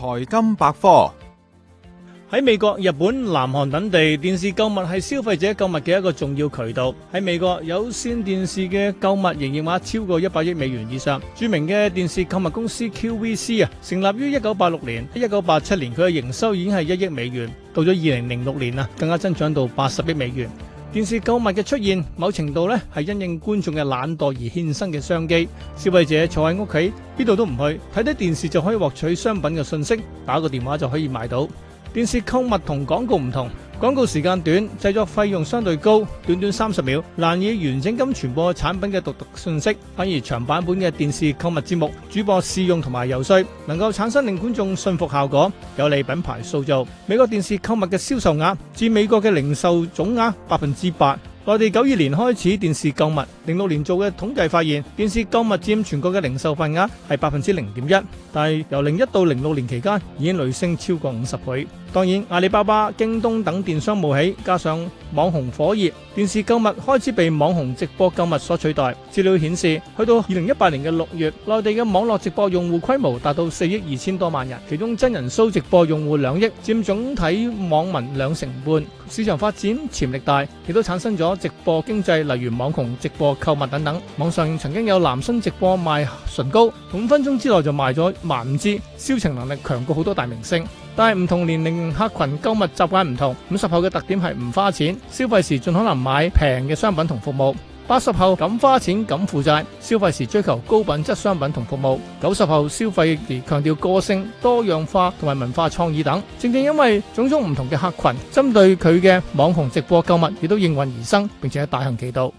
財金百科，喺美國、日本、南韓等地，電視購物係消費者購物嘅一個重要渠道。喺美國，有線電視嘅購物營業額超過一百億美元以上。著名嘅電視購物公司 QVC 啊，成立於一九八六年，喺一九八七年佢嘅營收已經係一億美元，到咗二零零六年啊，更加增長到八十億美元。電視購物嘅出現，某程度咧係因應觀眾嘅懶惰而衍生嘅商機。消費者坐喺屋企，邊度都唔去，睇睇電視就可以獲取商品嘅信息，打個電話就可以買到。電視購物同廣告唔同。廣告時間短，製作費用相對高，短短三十秒，難以完整咁傳播產品嘅獨特信息，反而長版本嘅電視購物節目，主播試用同埋游說，能夠產生令觀眾信服效果，有利品牌塑造。美國電視購物嘅銷售額佔美國嘅零售總額百分之八。內地九二年開始電視購物，零六年做嘅統計發現，電視購物佔全國嘅零售份額係百分之零點一，但係由零一到零六年期間已經累升超過五十倍。當然，阿里巴巴、京東等電商冒起，加上網紅火熱，電視購物開始被網紅直播購物所取代。資料顯示，去到二零一八年嘅六月，內地嘅網絡直播用戶規模達到四億二千多萬人，其中真人騷直播用戶兩億，佔總體網民兩成半，市場發展潛力大，亦都產生咗。直播經濟，例如網紅直播購物等等，網上曾經有男生直播賣唇膏，五分鐘之內就賣咗萬五支，銷情能力強過好多大明星。但係唔同年齡客群購物習慣唔同，五十後嘅特點係唔花錢，消費時盡可能買平嘅商品同服務。八十後敢花錢敢負債，消費時追求高品質商品同服務；九十後消費亦強調個性、多樣化同埋文化創意等。正正因為種種唔同嘅客群，針對佢嘅網紅直播購物亦都應運而生，並且大行其道。